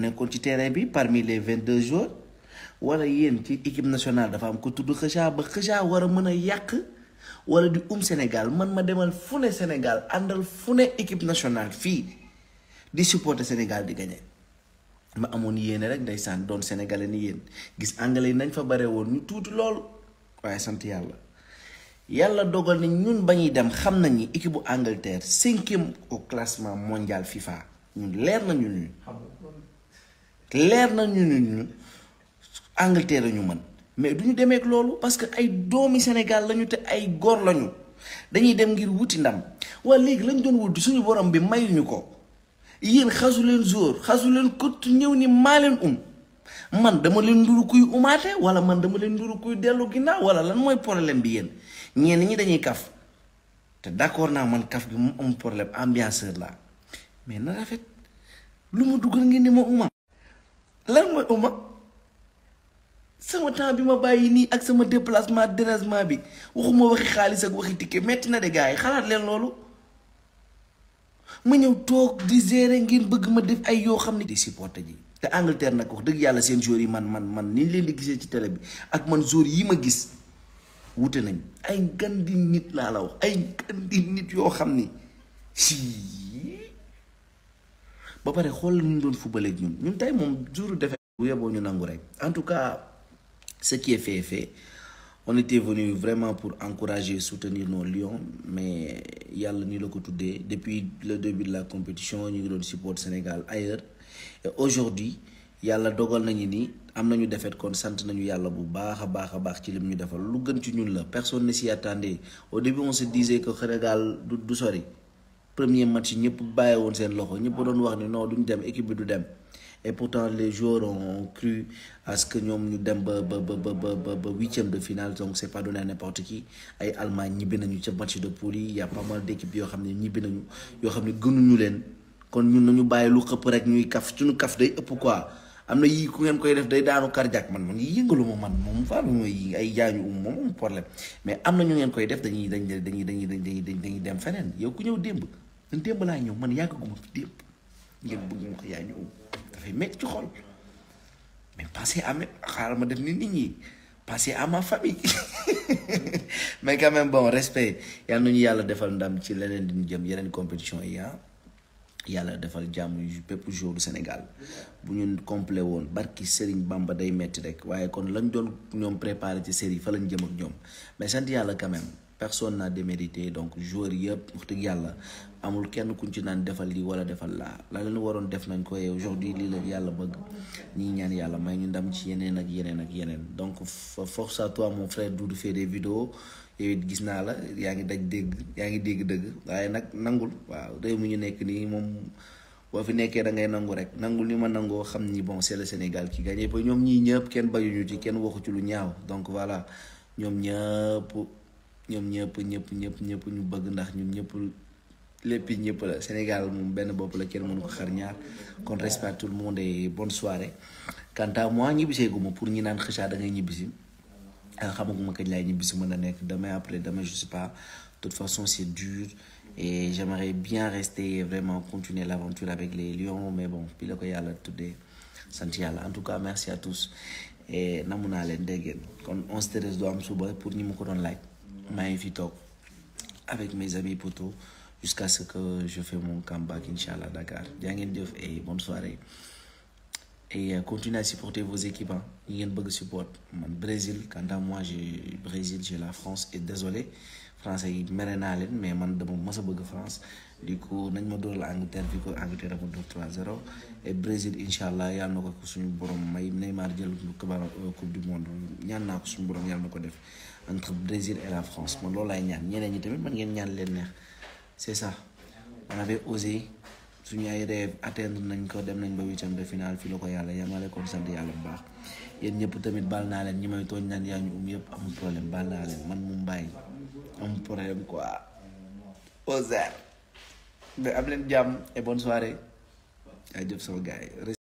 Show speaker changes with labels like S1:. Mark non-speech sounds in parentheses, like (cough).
S1: nekkoon ci terrain bi parmi les vingt deux joueurs wala yéen ci équipe nationale dafa am ko tudd Kheucha ba Kheucha war a mën a yàq wala di um Sénégal man ma demal fu ne Sénégal àndal fu ne équipe nationale fii di supporter Sénégal di gagné ma amoon yéene rek ndeysaan doon sénégalais ni yéen gis anglais yi nañ fa bare woon ñu tuuti lool waaye sant yàlla yàlla dogal ni ñun ba ñuy dem xam nañ ni équipe bu Angleterre cinquième classement mondial FIFA ñun leer nañu ñun. leer na ñu ñu Angleterre la ñu man mais du ñu demee loolu parce que ay doomi Sénégal lañu te ay góor lañu dañuy dem ngir wuti ndam waaye léegi lañ doon wut suñu borom bi mayuñu ko yéen xasu leen jour xasu leen kott ñëw ni maa leen um man dama leen nduru kuy umaate wala man dama leen nduru kuy dellu ginnaaw wala lan mooy problème bi yéen ñenn ñi dañuy kaf te d'accord naa man kaf gi mu am problème ambianceur la mais na rafet lu ma dugal ngeen ni ma lan mooy umma sama temps bi ma bàyyi nii ak sama déplacement dérangement bi waxuma waxi xaalis ak waxi ticket metti na de gars yi xalaat leen loolu ma ñëw toog di gérer ngir bëgg ma def ay yoo xam ne di supporter ji te Angleterre nag wax dëgg yàlla seen joueurs yi man man man ni leen di gisee ci télé bi ak man joueurs yi ma gis wute nañ ay gandi nit laa la wax ay gandi nit yoo xam ni sii ba pare xool ñu doon football ak ñun ñun tey moom jour defe bu yeboo ñu nangu rek en tout cas ce qui on était venu vraiment pour encourager soutenir nos lions mais yàlla ni la ko tuddee depuis le début de la compétition ñu ngi doon support Sénégal ailleurs aujourd'hui yàlla dogal nañu ni am nañu defeet kon sant nañu yàlla bu baax a baax a baax ci lim ñu defal lu gën ci ñun la personne ne s'y attendait au début on se disait que Sénégal du du sori premier match ñëpp bàyyi woon seen loxo ñëpp doon wax ni non duñ dem équipe bi du dem et pourtant les joueurs ont cru à ce que ñoom ñu dem ba ba ba ba ba huitième de finale donc c' est pas donné à n'importe qui ay Allemagne ñibbi nañu ca match de poule yi y' a pas mal d' équipes yoo xam ne ñibbi nañu yoo xam ne gënuñu leen kon ñun nañu bàyyi lu xëpp rek ñuy kaf suñu kaf day ëpp quoi am na yii ku ngeen koy def day daanu cardiaque man man yëngalu ma man moom faa mooy ay jaañu um moom problème mais am na ñu ngeen koy def dañuy dañ dañuy dañuy dañuy dañuy dem feneen yow ku ñëw démb. man démb laa ñëw man yàggaguma fi démb ngeen bëgg ma ko yaa ñëw dafay métti ci xol mais pensez à xaaral ma def ni nit ñi pensez à ma famille (laughs) mais quand même bon respect yal na yàlla defal ndam ci leneen di ñu jëm yeneen compétition yi ah yàlla defal jàmm bépp jour du Sénégal bu ñu complet woon barki Serigne Bamba day metti rek waaye kon lañ doon ñoom préparé ci série fa lañ jëm ak ñoom mais sant yàlla quand personne n'a démérité donc joueur yëpp wax dëgg yàlla amul kenn kuñ ci naan defal lii wala defal laa la leen waroon def nañ ko et aujourd'hui lii la yàlla bëgg ñii ñaan yàlla may ñu ndam ci yeneen ak yeneen ak yeneen donc force à toi mon frère Doudou fait des vidéos yow it gis naa la yaa ngi daj dégg yaa ngi dégg dëgg waaye nag nangul waaw réew mi ñu nekk nii moom boo fi nekkee da ngay nangu rek nangul ni ma nangoo xam ni bon c'est Sénégal qui gagne ba ñoom ñii ñëpp kenn bayuñu ci kenn waxu ci lu ñaaw ñoom ñëpp ñëpp ñëpp ñëpp ñu bëgg ndax ñun ñëpp léppi ñëpp la Sénégal moom benn bopp la kenn mënu ko xar ñaar kon respect tout le monde et bonne soirée quant à moi pour ñi naan xëcca da ngay ñibbisi ah, xamaguma kañ laay ñibbisi mën a nekk demain après demain je sais pas de toute façon c'est dur et j'aimerais bien rester et vraiment continuer l'aventure avec les lions mais bon bi la ko yàlla tuddee sant yàlla en tout cas merci à tous et namu naa leen dégg kon on treize doo am suba pour ñi mu ko doon laaj maa ngi fi toog avec mes amis poteaux jusqu'à ce que je fais mon comeback incha allah Dakar jaa ngeen jëf et bonne soirée et euh, continuez à supporter vos équipes ñi ngeen bëgg support man Brésil quant à moi j'ai Brésil j'ai la France et désolé français yi mere naa leen mais man dama mës a bëgg France du coup nañ ma dóoral Angleterre fi ko Angleterre ma dóor 3-0 et Brésil incha allah yàlla na ko suñu borom may Neymar jël kabaar euh, coupe du monde ñaan naa ko suñu borom yàlla na ko def entre Brésil et ñeneen ñi tamit man ngeen ñaan leen neex c'est ça on avait osé suñu ko dem nañ ba huitième ko yàlla yamale yàlla bu baax ñëpp tamit baal naa leen ñi may tooñ naan yaa ñu um yëpp amul problème baal naa leen man moom bàyyi. problème quoi Oser mais am leen jàmm et bonne soirée ay jëf sama